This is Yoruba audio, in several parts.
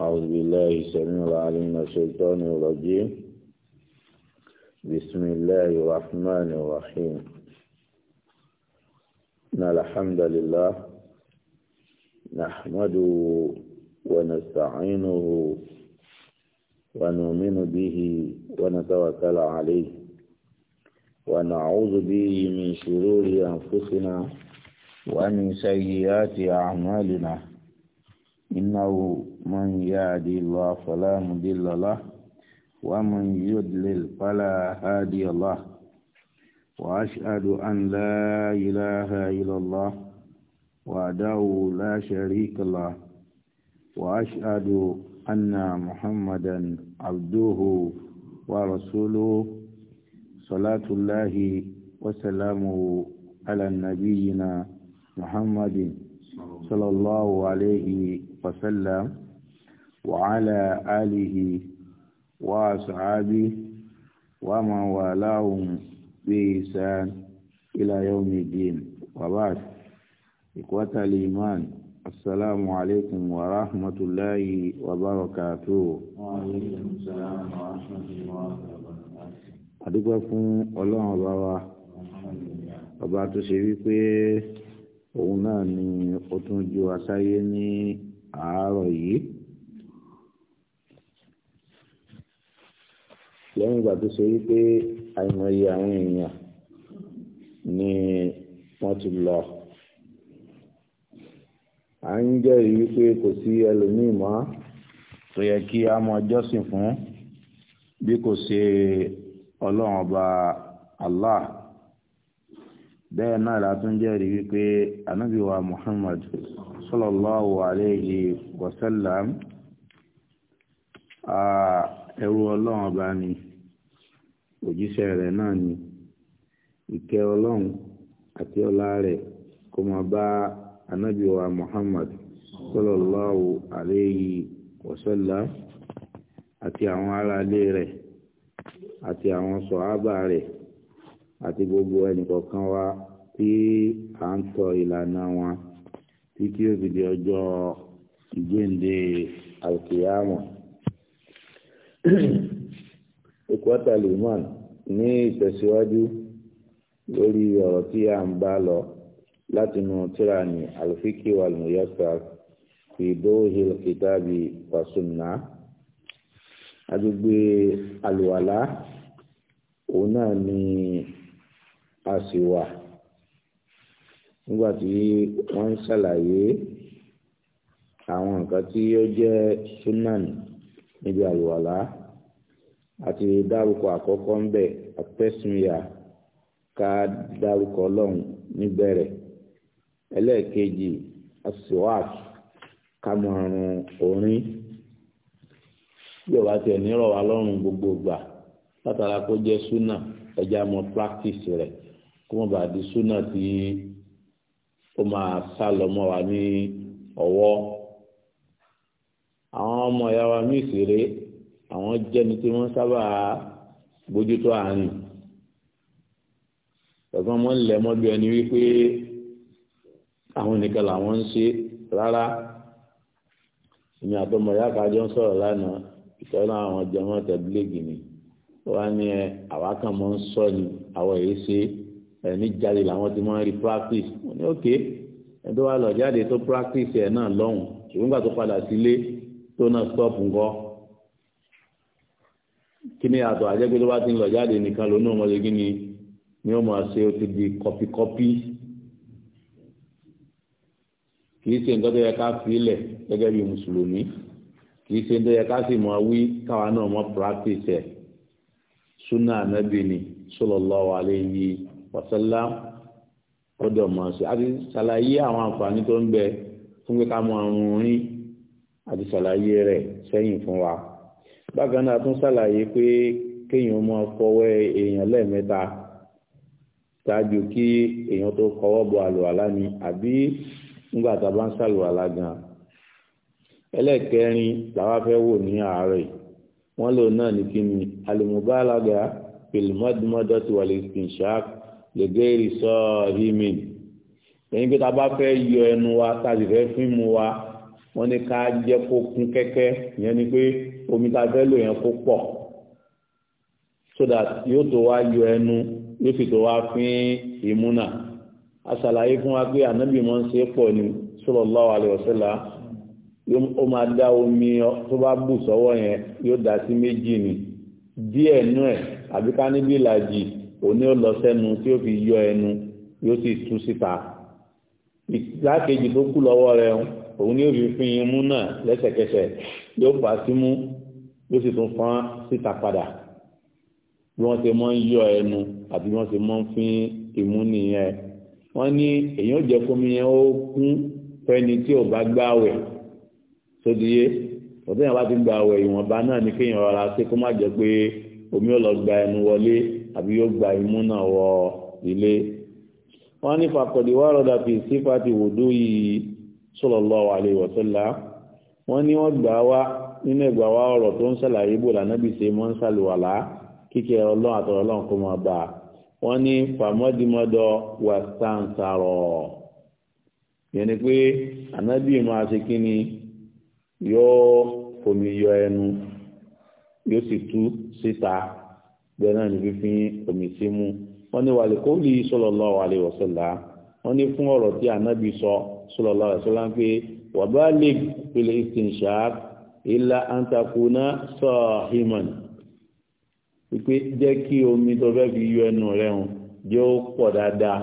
أعوذ بالله السميع العليم الشيطان الرجيم بسم الله الرحمن الرحيم إن الحمد لله نحمده ونستعينه ونؤمن به ونتوكل عليه ونعوذ به من شرور أنفسنا ومن سيئات أعمالنا إنه من يهدي الله فلا مضل له ومن يضلل فلا هادي له وأشهد أن لا إله إلا الله وأدعو لا شريك له وأشهد أن محمدا عبده ورسوله صلاة الله وسلامه على نبينا محمد صلى الله عليه وسلم وعلى آله وأصحابه ومن والاهم بإحسان إلى يوم الدين وبعد إخوة الإيمان السلام عليكم ورحمة الله وبركاته وعليكم السلام ورحمة الله وبركاته أدوكم الله وبركاته ọba tó òun náà ni ó tún ju asáyé ní àárọ̀ yìí lẹ́yìn ìgbà tó ṣe wípé àìmọye àwọn èèyàn ni wọ́n ti lọ à ń jẹ́rìí wípé kò sí ẹlòmíì mọ́ tó yẹ kí a mọ jọ́sìn fún bí kò ṣe ọlọ́run ọba Allah bẹ́ẹ̀ náà látún jẹ́rìí wípé anábíwa muhammad sallallahu alayhi wa sallam ẹrú ọlọ́run ọba ni òjíṣẹ́ rẹ̀ náà ni ìkẹ́ ọlọ́run àti ọlá rẹ̀ kó bá muhammad sallallahu alayhi wa sallam àti àwọn aráalé rẹ̀ àti àwọn àti gbogbo ẹnìkọ̀ọ̀kan wa tí à ń tọ ìlànà wọn títí ó fi di ọjọ́ ìgbéǹde alkiyama ìkọ́tà liman ní ìtẹ̀síwájú lórí ọ̀rọ̀ tí a ń bá lọ látinú tíraní alfiki walmuyassar fi dóhìl kìtàbí fasunna agbègbè alùwàlá òun náà ni a sì wà nígbà tí wọ́n ń ṣàlàyé àwọn nǹkan tí ó jẹ́ sunan níbi àlùwàlá àti dárúkọ àkọ́kọ́ ń bẹ̀ àtẹ́sìmíyà ká dárúkọ ọlọ́run níbẹ̀rẹ̀ ẹlẹ́ẹ̀kejì asiwak orin yóò bá tiẹ̀ nírọ̀ wá lọ́rùn gbogbo gbà látara kó jẹ́ súnà ẹja kó mọ̀ bá di súnà tí ó máa sá lọ mọ́ wa ní ọwọ́ àwọn ọmọ ìyá wa mí ìṣeré àwọn jẹ́ni tí wọ́n sábà bójútó àárín ẹ̀gbọ́n mọ́ ń lẹ̀ mọ́ bí ẹni wípé àwọn nìkan làwọn ń ṣe rárá èmi àtọmọ ìyá kájọ ń sọ̀rọ̀ lánàá ìtọ́lá àwọn jẹmọ́ tẹ̀bílẹ̀ gìnì wọ́n á ní àwákàmọ́ ń sọ ni àwọn èyí ṣe é ẹ̀mí jáde làwọn ti máa ń rí practice wọ́n ní òkè ẹni tó wá lọ jáde tó practice ẹ̀ náà lọ́hùn ṣùgbọ́n gbà tó padà sílé tó náà stop ńkọ́ kí ni àtọ̀ àjẹpẹ́ tó bá ti ń lọ jáde nìkan lónà ọmọdé kí ni ni ó máa ṣe ó ti di kọpikọpi kìí ṣe nǹkan tó yẹ ká fi ilẹ̀ gẹ́gẹ́ bí mùsùlùmí kìí ṣe nǹkan tó yẹ ká sì máa wí káwa náà mọ́ practice ẹ̀ súnà ànábì ni sallallahu alayhi wàsálà ọ̀dọ̀ mọ̀ sí àti ṣàlàyé àwọn àǹfààní tó ń bẹ fún pé ká mọ àrùn orin àti ṣàlàyé rẹ̀ sẹ́yìn fún wa bákan náà tún ṣàlàyé pé kéèyàn máa fọwọ́ èèyàn lẹ́ẹ̀mẹ́ta ṣáájú kí èèyàn tó kọwọ́ bọ àlùwàlá ni àbí nígbà tá a bá ń ṣàlùwàlá gan ẹlẹ́ẹ̀kẹrin làwa fẹ́ wò ní àárẹ̀ wọ́n lò náà ní kí ni alùmọ̀bá alága pèlúmọ́dúnmọ́dọ́tì wàlẹ̀ ìsìnṣáàkù lẹ́gẹ́rì sọ́ọ̀hìmì lẹ́yìn pé ta bá fẹ́ yọ ẹnu wa ta sì fẹ́ fún mu wa wọ́n ní ká jẹ́ kó kún kẹ́kẹ́ ìyẹn ni pé omi ta fẹ́ lò yẹn kó pọ̀ so that yóò tó wá yọ ẹnu yóò sì tó wá fín imú náà a ṣàlàyé fún wa pé ànábì máa ń ṣe pọ̀ ni sallallahu alaihi wasallam ó máa dá omi tó bá bù sọ́wọ́ yẹn yóò dá sí méjì ni díẹ̀ nú ẹ̀ àbí ká níbi òní ó lọ sẹ́nu tí ó fi yọ ẹnu yóò sì tú síta ìdákejì tó kú lọ́wọ́ rẹ̀ òun ni ó fi fín imú náà lẹ́sẹ̀kẹsẹ̀ yóò fà símú yóò sì tún fọ́n síta padà bí wọ́n ṣe mọ́ ń yọ ẹnu àbí wọ́n ṣe mọ́ ń fín imú nìyẹn wọ́n ní èyàn jẹ́ kómi yẹn ó kún fẹ́ni tí ò bá gbáwẹ̀ sódìyé òtún yẹn bá ti gbáwẹ̀ ìwọ̀nba náà ni kéèyàn rọra ṣe kó má jẹ́ pé omi ò lọ gba ẹnu wọlé àbí yóò gba imú náà wọ ilé wọ́n ní fàkọ̀dì wà rọ̀dà fi sífàtì wòdó yìí sallallahu alaihi wa sallam wọ́n ní wọ́n gbà wá nínú ẹgbà wá ọ̀rọ̀ tó ń ṣàlàyé bò lànàbì ṣe mọ́ ń ṣàlùwàlá kíkẹ́ ọlọ́run àtọ̀rọ̀ ọlọ́run kó máa bà wọ́n ní fàmọ́dìmọ́dọ̀ wà sáǹsàrọ̀ yẹn ni pé ànábì máa ṣe kí ni yóò fomi yọ ẹnu yóò sì tú síta bẹ́ẹ̀ náà ní fífín omi sí mú wọ́n ní wàlẹ̀ kó lè sallallahu alaihi wasallam wọ́n ní fún ọ̀rọ̀ tí ànábì sọ sallallahu alaihi wasallam pé wàbá lè pèlè istinshaq illa an takuna sahiman wípé jẹ́ kí omi tó fẹ́ fi yọ ẹnu rẹ̀ hàn jẹ́ pọ̀ dáadáa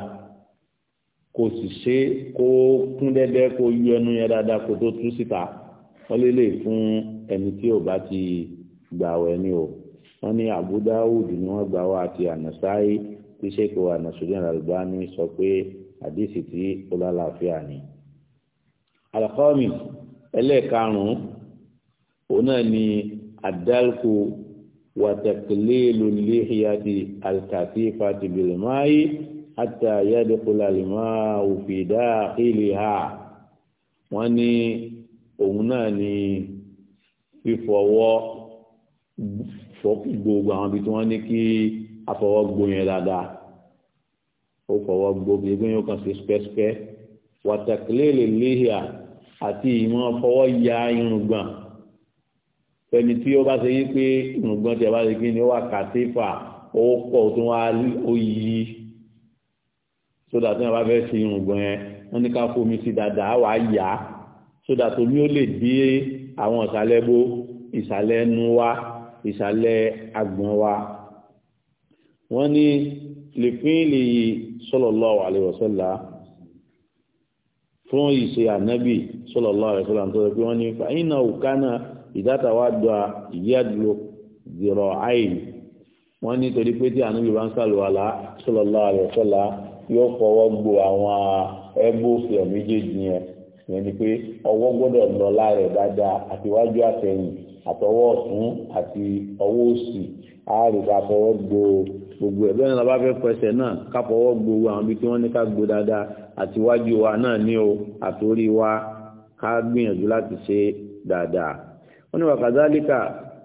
kò sì ṣe kó kún dẹ́dẹ́ kó yọ ẹnu yẹn dáadáa kó tó tú síta wọ́n lè lè fún ẹni tí ò bá ti gbààwẹ̀ ni o wọ́n ní Abu Dawud ni wọ́n gbà wá àti ànàsáyé tí sèkò ànàsùdín Al-Albani sọ pé àdìsí tí ó lálàáfíà ni. alakọ́mi ẹlẹ́ẹ̀karùn-ún òun náà ni àdálkù wàtẹ̀kìlélu lihiyati alkatifati bilmayi hatta òfìdá ìlìhà wọ́n ní òun náà ni fífọwọ́ fọ́kù gbogbo àwọn ibi tí wọ́n ní kí afọwọ́gbó yẹn dáadáa ó fọwọ́ gbó bí egbé yóò kàn sí spẹ́spẹ́ wàtàkìlélè léhìá àti ìmọ̀ fọwọ́ ya irùngbọ̀n fẹni tí ó bá ṣe yí pé irùngbọ̀n tí a bá ṣe kí ni ó wà kàtífà ó pọ̀ tó wá ó yí sódà tí wọn bá fẹ́ ṣe irùngbọ̀n yẹn wọ́n ní ká fomi sí dáadáa wàá yá sódà tó mi ó lè dé àwọn ìsàlẹ̀ bó ìsàlẹ̀ nu wá ìsàlẹ̀ àgbọ̀n wa wọ́n ní lèpínlè sallallahu alaihi wasallam fún ìṣe ànábì sallallahu alaihi wasallam tó rẹ̀ pé wọ́n ní fàyínà òkánà ìdátàwádọ́a ìyádùlọ dìrọ̀ àìní wọ́n ní torí pé tí ànábì bá ń sàlùwàlá sallallahu alaihi wasallam yóò fọwọ́ gbo àwọn ẹgbófẹ́ méjèèjì yẹn ni pé ọwọ́ gbọ́dọ̀ lọ láàrẹ̀ dáadáa àtiwájú àtẹ̀yìn àtọwọ́ ọ̀tún àti ọwọ́ òsì àárùkà fọwọ́ gbo gbogbo ẹ̀ bẹ́ẹ̀ ni bá fẹ́ pẹsẹ̀ náà ká fọwọ́ gbogbo àwọn ibi tí wọ́n ní ká gbo dáadáa àti iwájú wa náà ní o àtòrí wa ká gbìyànjú láti ṣe dáadáa wọ́n ní wàkàzálíkà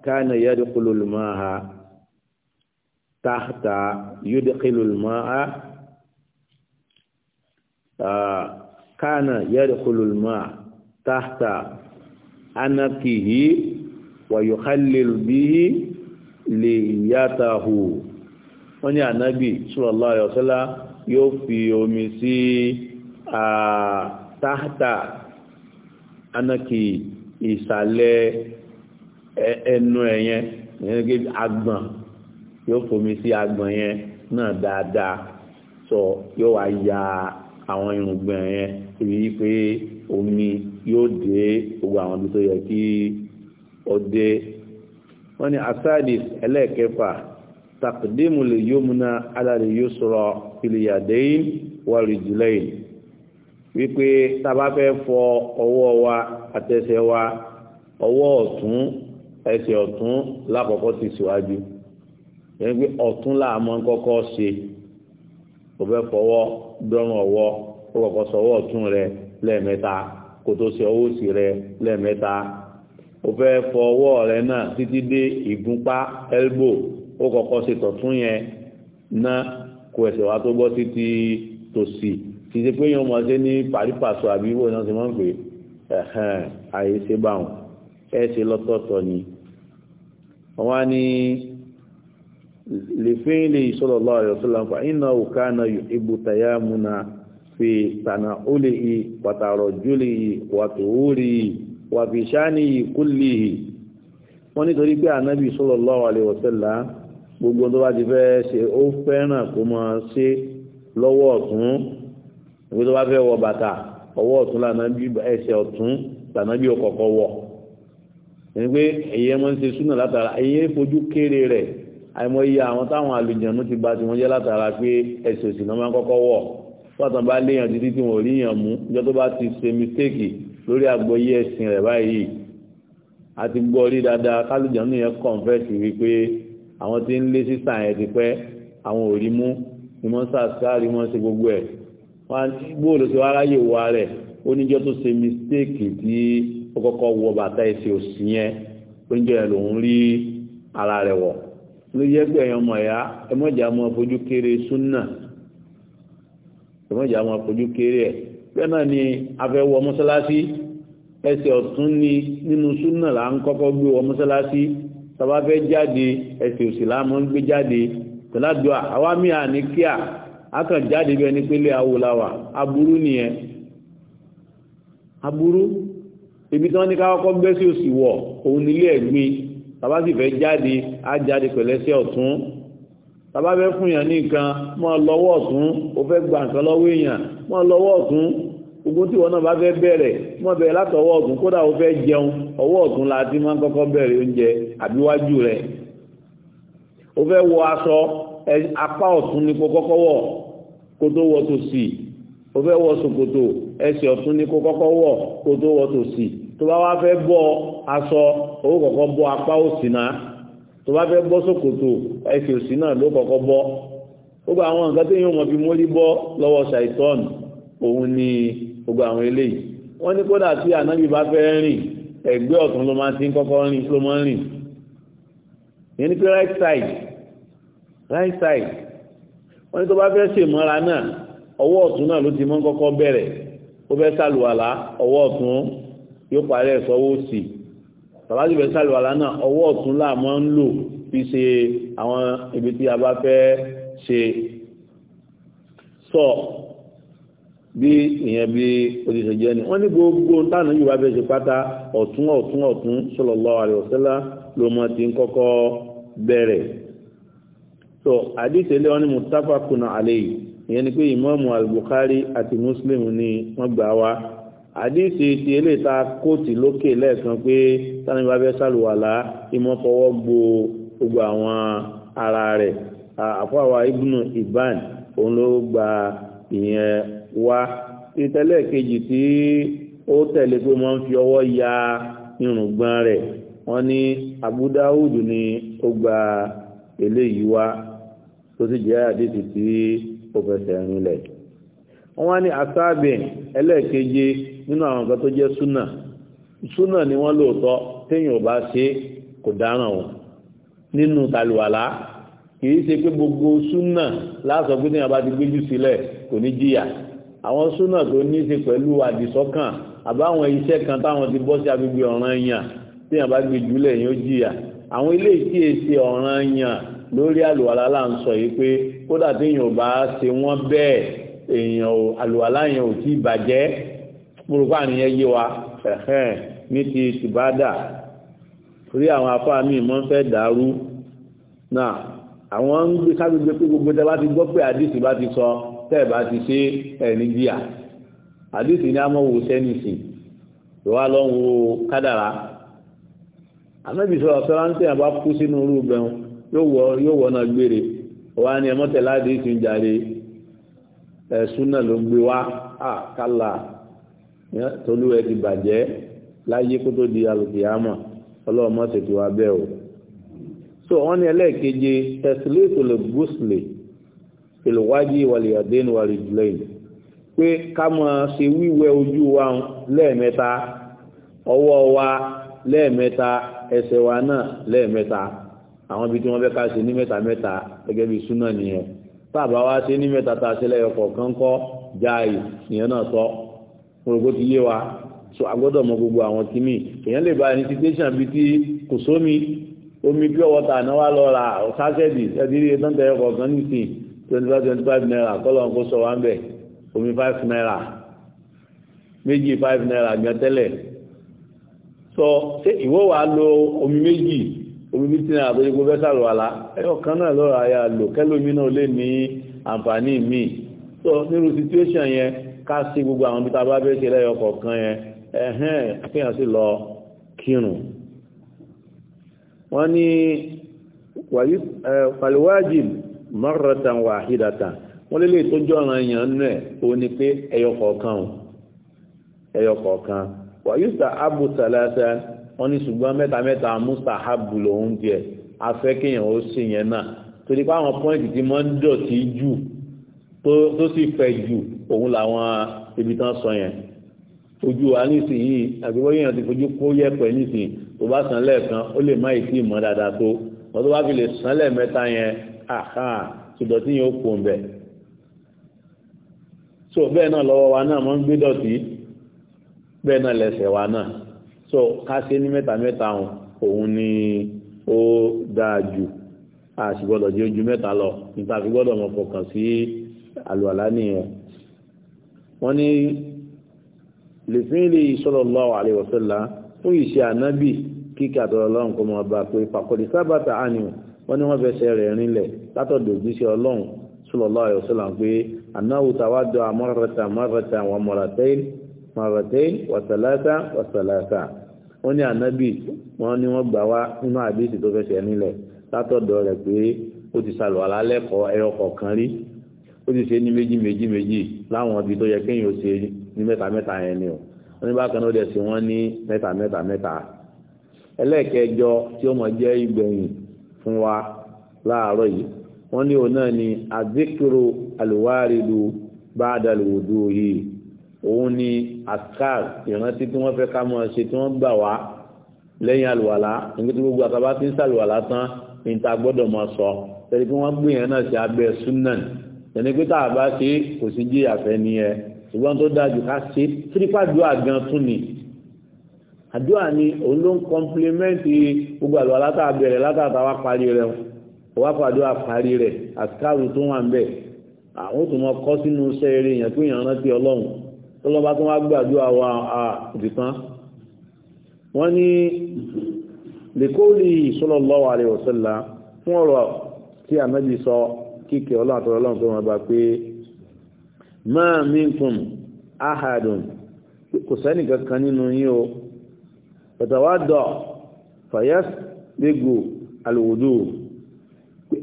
káàna yadkhulu al-ma'a tahta yudkhilu al-ma'a káàna yadkhulu al-ma'a tahta anakihi wàyọ̀hálẹ̀lù bí lè yàtàhù wọ́n ní ànábì sallallahu alaihi wasallam yóò fi omi sí àtàtà anákì ìsàlẹ̀ ẹnu ẹ̀yẹn ẹ̀yẹn agbọ̀n yóò fomi sí agbọ̀n yẹn náà dáadáa sọ yóò wá ya àwọn irùngbọ̀n yẹn èyí pé omi yóò dé gbogbo àwọn ibi tó yẹ kí. òde wọ́n ní asadis ẹlẹ́ẹ̀kẹfà takdimu lè yomuna alàlè yóò sọ̀rọ̀ fìlìyàdéyìn wípé fọ ọwọ́ wa àtẹsẹ̀ wa ọwọ́ ọ̀tún ẹsẹ̀ ọ̀tún ti síwájú yẹn ọ̀tún láàmọ́ kọ́kọ́ ṣe kò fọwọ́ dọ́rùn ọwọ́ ó sọ ọwọ́ ọ̀tún rẹ lẹ́ẹ̀mẹ́ta kò tó ṣe o fẹ́ fọ ọwọ́ rẹ náà títí dé ìgúnpá elbow ó kọ́kọ́ ṣe tọ̀tún yẹn ná kó ẹsẹ̀ wá tó bọ́ títí tòsì kì í ṣe pé yẹn mọ̀ ṣe ní pàrípàṣọ àbí wọ́n náà ṣe máa ń pè ẹ̀hẹ́n àyè ṣe bá wọn ẹ ṣe lọ́tọ̀ọ̀tọ̀ ni wọ́n á ní lè fi ń lè sọ̀rọ̀ lọ́wọ́ rẹ̀ sọ́lá nípa iná òkà náà ìbò tàyà múna fi tànà ó lè yí pàtàrọ̀ jù lè yí wàtò ó rí yìí wà fi ṣáàní ìkúlì wọ́n nítorí pé ànábì sallallahu alaihi wasallam gbogbo tó bá ti fẹ́ ṣe ó fẹ́ràn kó máa ṣe lọ́wọ́ ọ̀tún ìwé tó bá fẹ́ wọ bàtà ọwọ́ ọ̀tún lànàbí ẹsẹ̀ ọ̀tún lànàbí ọkọ̀ọ̀kọ̀ wọ̀ ẹni pé èyí ẹmọ ń ṣe súnà látara èyí fojú kéré rẹ̀ àìmọye àwọn táwọn àlùjànnú ti bá ti jẹ́ látara pé ẹsẹ̀ òsì náà máa kọ́kọ́ wọ̀ fọ́tàn bá títí tí wọ́n ò ríyàn mú ìjọ tó bá ti ṣe mistéèkì lórí àgbọ́yé ẹ̀sìn rẹ̀ báyìí a ti gbọ́ rí dáadáa kálùjọ́nù yẹn kọ̀ǹfẹ́sì wípé àwọn tí ń lé sísà yẹn ti pẹ́ àwọn ò rí mú ni wọ́n sàkáàrí wọ́n ṣe gbogbo ẹ̀ wọ́n gbóòlò sí wàá ráyè wà rẹ̀ oníjọ́ tó ṣe mistéèkì tí ó kọ́kọ́ wọ bàtà ẹsẹ̀ òsì yẹn oníjọ́ yẹn lòún rí ara rẹ̀ wọ̀ ló yẹ ẹ̀yàn ọmọ ẹ̀yà ẹmọ́jà ọmọ fojú kéré súnà ẹmọ́jà ọmọ fojú kéré ẹ̀ bẹ́ẹ̀ ni afẹ́wọ mọ́sálásí ẹsẹ̀ ọ̀tún ni nínú súnà là ń kọ́kọ́ gbé wọ mọ́sálásí tàbá fẹ́ jáde ẹsẹ̀ òsì láàmú ń gbé jáde tọ́ládùá àwa mìíràn ní kíá akàn jáde bẹ́ẹ̀ ní pélé awolawa aburú nìyẹn aburú ibi tí wọ́n ní ká kọ́kọ́ gbẹ́sẹ̀ òsì òun nílé ẹ̀gbin tàbá jáde á jáde pẹ̀lẹ́sẹ̀ ọ̀tún bàbá fẹ́ fún yàn ní nǹkan mọ́ lọ́wọ́ ọ̀tún o fẹ́ gba nǹkan lọ́wọ́ èèyàn mọ́ lọ́wọ́ ọ̀tún ogun tí wọn náà bá fẹ́ bẹ̀rẹ̀ mọ́ bẹ̀rẹ̀ látọwọ́ ọ̀tún kódà o fẹ́ jẹun ọwọ́ ọ̀tún la ti máa ń kọ́kọ́ bẹ̀rẹ̀ oúnjẹ àbíwájú rẹ̀ o fẹ́ wọ aṣọ apá ọ̀tún ni kó kọ́kọ́ wọ̀ kó tó wọ tòsì o fẹ́ wọ ṣòkòtò ẹsẹ̀ ọ̀tún ni kó kọ́kọ́ wọ̀ kó tó wọ tòsì tó bá wá fẹ́ bọ́ aṣọ owó kọ́kọ́ bọ́ apá òsì náà tó bá fẹ́ bọ́ sókòtò ẹsẹ̀ òsì náà ló kọ́kọ́ bọ́ gbogbo àwọn nǹkan tó yín wọn fi mórí bọ́ lọ́wọ́ ṣàìtọ́n òun ni gbogbo àwọn eléyìí wọ́n ní kódà tí ànábì bá fẹ́ rìn ẹ̀gbẹ́ ọ̀tún ló máa ti ń kọ́kọ́ rìn ló máa ń rìn yẹn ni pé right side right side wọ́n ní tó bá fẹ́ ṣèmọ́ra náà ọwọ́ ọ̀tún náà ló ti mọ́ kọ́kọ́ bẹ̀rẹ̀ ó fẹ́ sàlùwàlá ọwọ́ ọ̀tún yóò parí sọ́wọ́ sí i bàbá sì fẹ́ sàlùwàlá náà ọwọ́ ọ̀tún là máa ń lò fi ṣe àwọn ibi tí a bá fẹ́ ṣe sọ bí ìyẹn bí òṣìṣẹ́ jẹ́ ni wọ́n ní gbogbo táwọn yìí wá fẹ́ ṣe pátá ọ̀tún ọ̀tún ọ̀tún sallallahu alaihi wasallam ló mọ ti ń kọ́kọ́ bẹ̀rẹ̀ so àdìsí ilé wọn ni muttafaqun alayhi ìyẹn ni pé ìmáàmù al-Bukhari àti Muslim ni wọ́n gbà wá àdíìsì ti eléta kóòtì lókè lẹ́ẹ̀kan pé sani bá fẹ́ sàlùwàlá ìmọ̀ fọwọ́ gbo gbogbo àwọn ara rẹ̀ àfọwà ibùnú ìbàn òun ló gba ìyẹn wá ìtẹ́lẹ̀ kejì tí ó tẹ̀lé pé wọ́n fi ọwọ́ ya irùngbọ̀n rẹ̀ wọ́n ní Abu Dawud ni ó gba eléyìí wá tó sì jẹ́ àdíìsì tí ó fẹsẹ̀ rinlẹ̀ wọ́n wá ní asábìn ẹlẹ́ẹ̀keje nínú àwọn nǹkan tó jẹ́ súnà súnà ni wọ́n lóòótọ́ téèyàn ò bá ṣe kò dáràn o nínú tàlùwàlá kì í ṣe pé gbogbo súnà láàsọ pé téèyàn bá ti gbéjú sílẹ̀ kò ní jìyà àwọn súnà tó ní í ṣe pẹ̀lú àdìsọ́kàn àbáwọn iṣẹ́ kan táwọn ti bọ́ sí agbègbè ọ̀ràn yàn téèyàn bá gbé jùlẹ̀ yóò jìyà àwọn ilé ìtí ọ̀ràn yàn lórí àlùwàlá là ń sọ yìí pé kódà téèyàn bá ṣe wọ́n bẹ́ẹ̀ èèyàn àlùwàlá yẹn ò tí bàjẹ́ gbòrògbà nìyẹn yé wa ẹ̀hẹ́n ní ti tìbádà torí àwọn afá mi mọ́ fẹ́ dàrú náà àwọn ń gbé sábẹ́gbé pé gbogbo tẹ́ bá ti gbọ́ pé àdìsí bá ti sọ tẹ́ bá ti ṣe ẹ̀ní díà àdìsí ni a mọ̀ wò sẹ́nìsì ìwà lọ́wọ́ kádàrá àmẹ́bí sọ̀rọ̀ sọ́rọ̀ ń tẹ̀yàn bá kú sínú irú bẹ̀rùn yóò wọ́n náà gbére wà ní ẹmọ́tẹ̀ láti ìsìn jàre ẹ̀sùn náà ló gbé wá àkàlà tolú ẹ ti bàjẹ́ láyé kó tó di alùpìyàmọ̀ ọlọ́run mọ́ ṣètò wa bẹ́ẹ̀ o so wọ́n ní ẹlẹ́ẹ̀keje tẹ̀sílẹ́tò lè gúúsùlẹ̀ ìlúwájú wàlìyàdẹ́nu wàlìjìlẹ́yìn pé ká máa ṣe wíwẹ̀ ojú wa lẹ́ẹ̀mẹ́ta ọwọ́ wa lẹ́ẹ̀mẹ́ta ẹsẹ̀ wa náà lẹ́ẹ̀mẹ́ta àwọn ibi tí wọ́n fẹ́ ká ṣe ní mẹ́ta mẹ́ta gẹ́gẹ́ bí súnà nìyẹn tá a bá wá ṣe ní mẹ́ta tá a ṣe lẹ́yọ kọ̀ọ̀kan kọ́ jáì ìyẹn náà tọ́ òrògbó ti yé wa so agbọ́dọ̀ mọ gbogbo àwọn kìíní èèyàn lè ba ẹni ti tẹ̀sán bíi ti kò sómi omi pure water náà wà lọ ra sásẹ̀dì ẹ̀dínlẹ̀ tó ń tẹ̀yẹ kọ̀ọ̀kan nìsín twenty five twenty five naira kọ́lọ̀ ń kó sọ wá ń bẹ̀ omi five naira méjì five naira gan tẹ́lẹ̀ sọ ṣé ìwọ wàá lo omi méjì omi fifteen naira tó yẹ kó fẹ́ sàlùwàlà ẹ̀yọ̀ kan náà lọ́ra ya lò kẹ́lómi náà lè ní àǹfààní míì sọ nírú situation yẹn ká sí gbogbo àwọn ibi tá a bá fẹ́ ṣe lẹ́yọ kọ̀ọ̀kan yẹn ẹ̀hẹ́n àfihàn sí lọ kírun wọ́n ní pàlíwájì marratan wahidatan wọ́n lélẹ̀ tó jọ́ra èèyàn nù abu salasa wọ́n ní ṣùgbọ́n mẹ́ta mẹ́ta musa abu lòun díẹ̀ afẹ́ kéèyàn ó sì yẹn náà torí pé àwọn pọ́ìntì tí wọ́n ń dọ̀tí jù tó sì fẹ̀ jù òun làwọn ibi tán sọ yẹn ojú wa nísìnyí àgbẹ̀wọ́yé yẹn ti fojú kó yẹ̀pẹ̀ nísìnyí tó bá sàn lẹ́ẹ̀kan ó lè má ìtì mọ́ dáadáa tó wọ́n tó bá fi lè sàn lẹ́ẹ̀mẹ́ta yẹn àhán ìdọ̀tí yẹn ó kù ń bẹ̀. so bẹ́ẹ̀ náà lọ́wọ́ wa náà máa ń gbé dọ̀tí bẹ́ẹ̀ náà lẹ́sẹ̀ wa náà so ká ṣe ní mẹ́ta mẹ́ta òun ni ó dáa jù a sì gbọ́dọ̀ jẹ́ ojú mẹ́ta lọ nípa fi mọ̀ fọkàn sí àlùwàlá nìyẹn wọ́n ní lèfínlẹ̀ sallallahu alaihi wasallam fún ìṣe ànábì kíkà tọ́lọ́run kó máa bá pé pàkọ́lì sábàtà àníwọ̀n wọ́n ní wọ́n fẹsẹ̀ rẹ̀ rinlẹ̀ látọ̀dọ̀ òjíṣẹ́ ọlọ́run sallallahu alaihi wasallam pé anáwó tàwádọ́ àmọ́rẹ̀ta mọ́rẹ̀ta wọn mọ̀rẹ̀tẹ́ mọ̀rẹ̀tẹ́ wàsálátà wàsálátà wọ́n ní ànábì wọ́n ní wọ́n gbà wá nínú àdéhìí tó fẹsẹ̀ rinlẹ̀ látọ̀dọ̀ rẹ̀ pé ó ti sàlùwàlá lẹ́kọ̀ọ́ ẹyọ kọ̀ọ̀kan rí ó ti ṣe ní méjì méjì méjì láwọn ibi tó yẹ kéèyàn ó ṣe ní mẹ́ta mẹ́ta yẹn ni o wọ́n ní bákan náà ó dẹ̀ sí wọ́n ní mẹ́ta mẹ́ta mẹ́ta ẹlẹ́ẹ̀kẹjọ tí ó mọ̀ jẹ́ ìgbẹ̀yìn fún wa láàárọ̀ yìí wọ́n ní òun náà ni azikiro aluwaridu badaluwudu yìí òun ni askar ìrántí tí wọ́n fẹ́ ká mọ̀ ṣe tí wọ́n gbà wá lẹ́yìn àlùwàlá nígbà tí gbogbo àtàbá ti ń sàlùwàlá tán ní ta gbọ́dọ̀ mọ̀ sọ tẹ́lẹ̀ kí wọ́n gbìyànjú náà sí abẹ́ sunan ẹni pé tá a bá ṣe kò sí jí àfẹ́ ni ẹ ṣùgbọ́n tó dájú ká ṣe tírípàdúrà gan tún ni àdúrà ni òun ló ń kọ́ńpìlímẹ́ǹtì gbogbo àlọ́ alátàbẹ̀rẹ̀ látàtàwà parí rẹ̀ wọ́n fàdúrà parí rẹ̀ àtikáàrù tó wà ń bẹ̀ àwọn tó mọ kọ́ sínú iṣẹ́ eré èèyàn pé èèyàn rántí ọlọ́run tó lọ́ba tó wá gbàdúrà wa àdìtán wọ́n ní lèkóòlì sallallahu alaihi wasallam fún ọ̀rọ̀ tí ànábì sọ kíkẹ́ ọlọ́run àtọ́rọ́ ọlọ́run tó wọn bá pé máa minkum ahadun kò sẹ́ni kankan nínú yín o tatawadda fayas gbégbó alwudu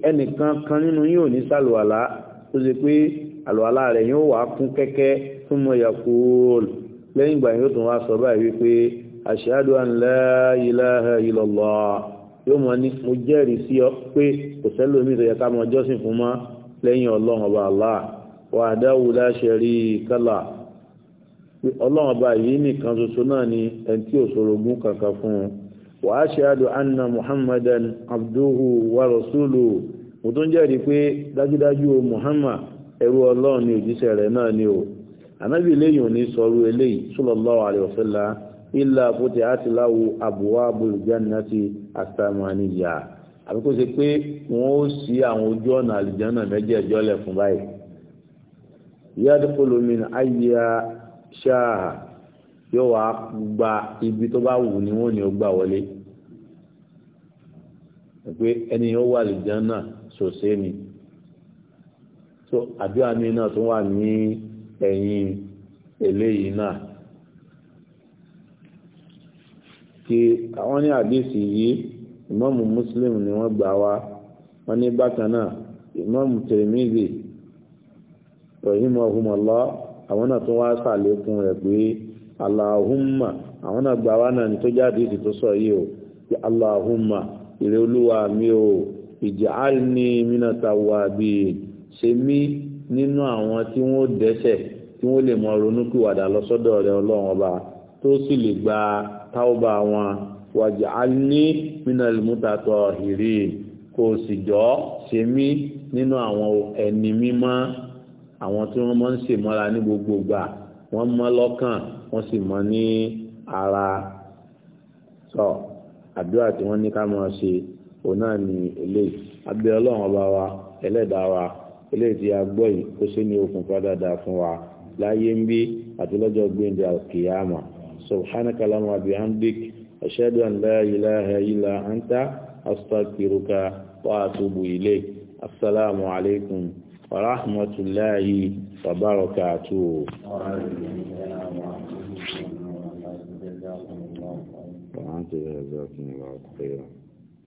ẹnìkan kan nínú yín ò ní sàlùwàlá tó ṣe pé àlùwàlá rẹ̀ yóò wà kún kẹ́kẹ́ fún mọ yaqul lẹ́yìn ìgbà yóò tún wá sọ báyìí wípé ashhadu an la ilaha illallah yóò mọ ní mo jẹ́rìí sí ọ pé kò sẹ́lómi tó yẹ ká mọ jọ́sìn fún mọ́ lẹ́yìn ọlọ́run ọba Allah wahdahu la sharika lah ọlọ́run ọba yìí nìkan ṣoṣo náà ni ẹni tí ò ṣorogún kankan fún un wa ashhadu anna muhammadan abduhu wa Rasulu mo tún jẹ́rìí pé dájúdájú o muhammad ẹrú ọlọ́run ni òjíṣẹ́ rẹ̀ náà ni o ànábì lẹ́yìn òní sọrú eléyìí sallallahu alaihi wasallam illa futihati lahu abwabul jannati asamaniya àbí kó ṣe pé wọn ó ṣí àwọn ojú ọ̀nà àlìjánà mẹ́jẹ̀ẹ̀jọ lẹ̀ fún báyìí yadkhulu min ayya sha'a yóò wá gba ibi tó bá wù ní wọn ní ó gbà wọlé pé ẹni yóò wà àlìjánà ṣòṣe ni so àdúrà mi náà tún wà ní ẹ̀yìn eléyìí náà kí àwọn ní àdéhìsì yìí ìmáàmù muslim ni wọ́n gbà wá wọ́n ní bákan náà ìmáàmù tìrìmìzì rahimahumallah àwọn náà tó wá sàlékún rẹ̀ pé aláhùnmà àwọn náà gbà wá náà ni tó jáde ìsì tó sọ yìí o pé aláhùnmà ìrẹ́ olúwa mi o ij'alni mina tawwabin ṣe mí nínú àwọn tí wọ́n dẹ́ṣẹ̀ tí wọ́n lè mọ ronúkúwàdà lọ sọ́dọ̀ rẹ̀ ọlọ́run ọba tó sì lè gba táwọ́bà wọn wàj'alni minal mutatahirin kò sì jọ ṣe mí nínú àwọn ẹni mímọ́ àwọn tí wọ́n mọ́ ń ṣe mọ́ra ní gbogbo gbà wọ́n mọ́ lọ́kàn wọ́n sì mọ́ ní ara sọ àdúrà tí wọ́n ní ká máa ṣe òun náà ni eléyìí abẹ́ ọlọ́run ọba wa ẹlẹ́dàá wa eléyìí tí a gbọ́ yìí kó ṣe ní okùnfà dáadáa fún wa láyé ń bí àti lọ́jọ́ gbéǹde àkìyàmọ̀ سبحانك اللهم وبحمدك أشهد أن لا إله إلا أنت أستغفرك وأتوب إليك السلام عليكم ورحمة الله وبركاته وأنت جزاكم الله خيرا